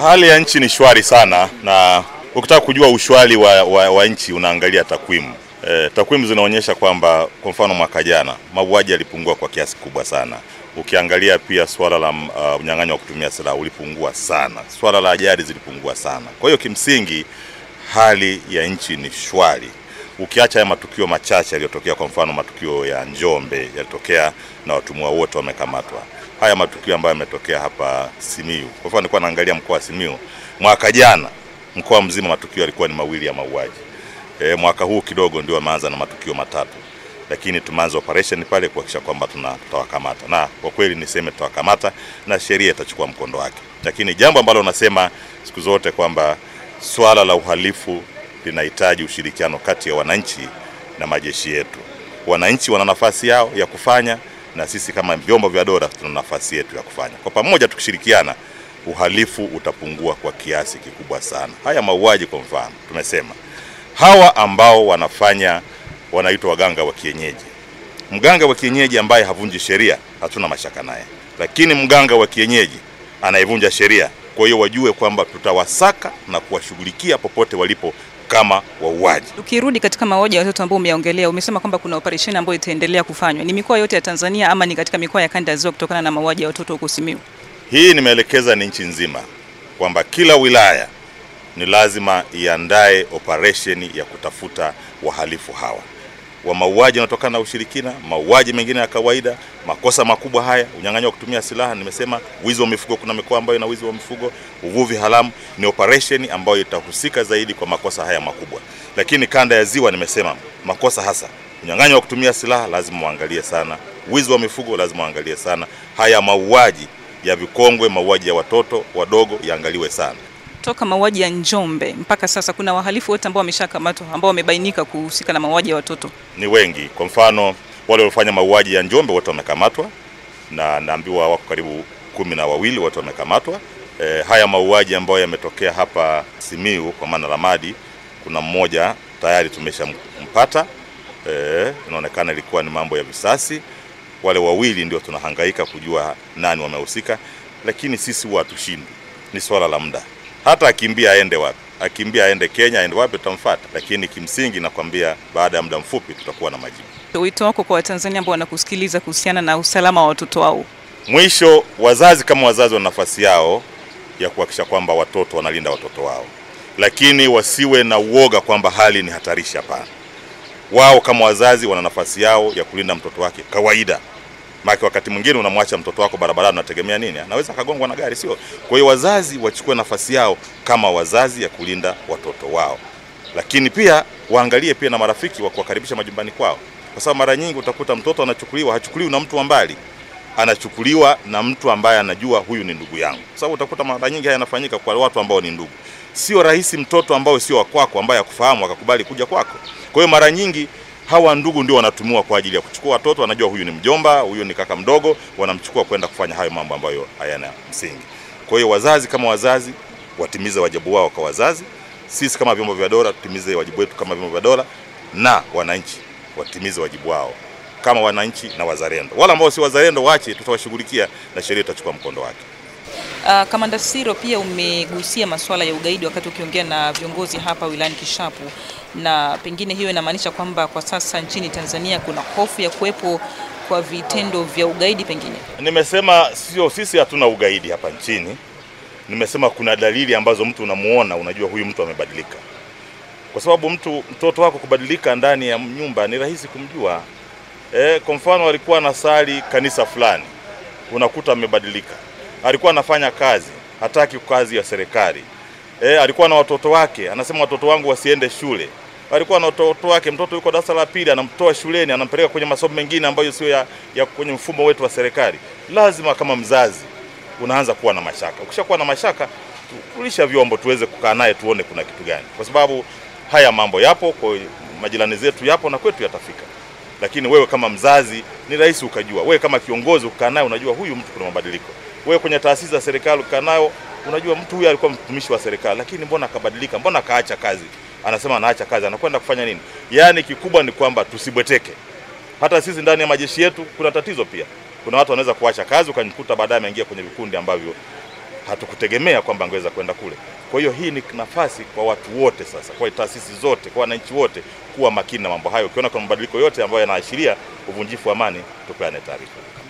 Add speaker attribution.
Speaker 1: Hali ya nchi ni shwari sana, na ukitaka kujua ushwari wa, wa, wa nchi unaangalia takwimu. E, takwimu zinaonyesha kwamba kwa mfano mwaka jana mauaji yalipungua kwa kiasi kubwa sana. Ukiangalia pia swala la uh, unyang'anyi wa kutumia silaha ulipungua sana, swala la ajali zilipungua sana. Kwa hiyo kimsingi hali ya nchi ni shwari ukiacha haya matukio machache yaliyotokea, kwa mfano matukio ya Njombe yalitokea na watumwa wote wamekamatwa, haya matukio ambayo yametokea hapa simiu kwa mfano nilikuwa naangalia mkoa wa simiu mwaka jana, mkoa mzima matukio yalikuwa ni mawili ya mauaji. E, mwaka huu kidogo ndio ameanza na matukio matatu, lakini tumeanza operation pale kuhakikisha kwamba tutawakamata, na kwa kweli niseme tutawakamata na sheria itachukua mkondo wake. Lakini jambo ambalo nasema siku zote kwamba swala la uhalifu linahitaji ushirikiano kati ya wananchi na majeshi yetu. Wananchi wana nafasi yao ya kufanya na sisi kama vyombo vya dola tuna nafasi yetu ya kufanya. Kwa pamoja tukishirikiana, uhalifu utapungua kwa kiasi kikubwa sana. Haya mauaji kwa mfano, tumesema hawa ambao wanafanya wanaitwa waganga wa kienyeji. Mganga wa kienyeji ambaye havunji sheria hatuna mashaka naye, lakini mganga wa kienyeji anayevunja sheria, kwa hiyo wajue kwamba tutawasaka na kuwashughulikia popote walipo kama wauaji. Tukirudi
Speaker 2: katika mauaji ya watoto ambao umeongelea, umesema kwamba kuna operesheni ambayo itaendelea kufanywa. Ni mikoa yote ya Tanzania ama ni katika mikoa ya kanda ya Ziwa kutokana na mauaji ya watoto huko Simiyu?
Speaker 1: Hii nimeelekeza ni nchi nzima kwamba kila wilaya ni lazima iandae operesheni ya kutafuta wahalifu hawa wa mauaji yanayotokana na ushirikina, mauaji mengine ya kawaida, makosa makubwa haya, unyang'anyi wa kutumia silaha, nimesema wizi wa mifugo, kuna mikoa ambayo ina wizi wa mifugo, uvuvi haramu, ni operation ambayo itahusika zaidi kwa makosa haya makubwa. Lakini kanda ya Ziwa nimesema makosa hasa unyang'anyi wa kutumia silaha lazima waangalie sana, wizi wa mifugo lazima waangalie sana, haya mauaji ya vikongwe, mauaji ya watoto wadogo yaangaliwe sana
Speaker 2: toka mauaji ya Njombe mpaka sasa kuna wahalifu wote ambao wameshakamatwa ambao wamebainika
Speaker 1: kuhusika na mauaji ya watoto? Ni wengi. Kwa mfano wale waliofanya mauaji ya Njombe wote wamekamatwa, na naambiwa wako karibu kumi na wawili wote wamekamatwa. E, haya mauaji ambayo yametokea hapa Simiu kwa maana Lamadi, kuna mmoja tayari tumeshampata. E, inaonekana ilikuwa ni mambo ya visasi. Wale wawili ndio tunahangaika kujua nani wamehusika, lakini sisi huwa hatushindi, ni swala la muda hata akimbia aende wapi, akimbia aende Kenya, aende wapi, tutamfuata. Lakini kimsingi nakwambia, baada ya muda mfupi tutakuwa na majibu.
Speaker 2: Wito wako kwa Watanzania ambao wanakusikiliza kuhusiana na usalama wa watoto wao?
Speaker 1: Mwisho, wazazi kama wazazi wana nafasi yao ya kuhakikisha kwamba watoto wanalinda watoto wao, lakini wasiwe na uoga kwamba hali ni hatarishi. Hapana, wao kama wazazi wana nafasi yao ya kulinda mtoto wake kawaida. Maana wakati mwingine unamwacha mtoto wako barabarani, unategemea nini? Anaweza akagongwa na gari, sio? Kwa hiyo wazazi wachukue nafasi yao kama wazazi ya kulinda watoto wao, lakini pia waangalie pia na marafiki wa kuwakaribisha majumbani kwao, kwa sababu mara nyingi utakuta mtoto anachukuliwa, hachukuliwi na mtu wa mbali anachukuliwa na mtu ambaye anajua huyu ni ndugu yangu, kwa sababu utakuta mara nyingi haya yanafanyika kwa watu ambao ni ndugu. Sio rahisi mtoto ambao sio wa kwako, ambaye akufahamu akakubali kuja kwako. Kwa hiyo mara nyingi hawa ndugu ndio wanatumiwa kwa ajili ya kuchukua watoto. Wanajua huyu ni mjomba, huyu ni kaka mdogo, wanamchukua kwenda kufanya hayo mambo ambayo hayana msingi. Kwa hiyo wazazi kama wazazi watimize wajibu wao kwa wazazi, sisi kama vyombo vya dola tutimize wajibu wetu kama vyombo vya dola, na wananchi watimize wajibu wao kama wananchi na wazalendo. Wale ambao si wazalendo wache tutawashughulikia na sheria itachukua mkondo wake.
Speaker 2: Uh, Kamanda Siro, pia umegusia masuala ya ugaidi wakati ukiongea na viongozi hapa wilayani Kishapu na pengine hiyo inamaanisha kwamba kwa sasa nchini Tanzania kuna hofu ya kuwepo kwa vitendo vya
Speaker 1: ugaidi. Pengine nimesema sio, sisi hatuna ugaidi hapa nchini. Nimesema kuna dalili ambazo mtu unamuona, unajua huyu mtu amebadilika, kwa sababu mtu mtoto wako kubadilika ndani ya nyumba ni rahisi kumjua. E, kwa mfano alikuwa anasali kanisa fulani, unakuta amebadilika. Alikuwa anafanya kazi, hataki kazi ya serikali. E, alikuwa na watoto wake, anasema watoto wangu wasiende shule alikuwa na mtoto wake, mtoto yuko darasa la pili, anamtoa shuleni anampeleka kwenye masomo mengine ambayo sio ya, ya kwenye mfumo wetu wa serikali, lazima kama mzazi unaanza kuwa na mashaka. Ukishakuwa na mashaka, tulisha vyombo tuweze kukaa naye tuone kuna kitu gani, kwa sababu haya mambo yapo kwa majirani zetu, yapo na kwetu yatafika lakini wewe kama mzazi ni rahisi ukajua. Wewe kama kiongozi ukikaa naye unajua huyu mtu kuna mabadiliko. Wewe kwenye taasisi za serikali ukikaa nayo unajua mtu huyu alikuwa mtumishi wa serikali, lakini mbona akabadilika, mbona akaacha kazi? anasema anaacha kazi, anakwenda kufanya nini? Yaani kikubwa ni kwamba tusibweteke. Hata sisi ndani ya majeshi yetu kuna tatizo pia, kuna watu wanaweza kuacha kazi ukanikuta baadaye ameingia kwenye vikundi ambavyo hatukutegemea kwamba angeweza kwenda kule. Kwa hiyo hii ni nafasi kwa watu wote sasa, kwa taasisi zote, kwa wananchi wote kuwa makini na mambo hayo. Ukiona kuna mabadiliko yote ambayo yanaashiria uvunjifu wa amani, tupeane taarifa.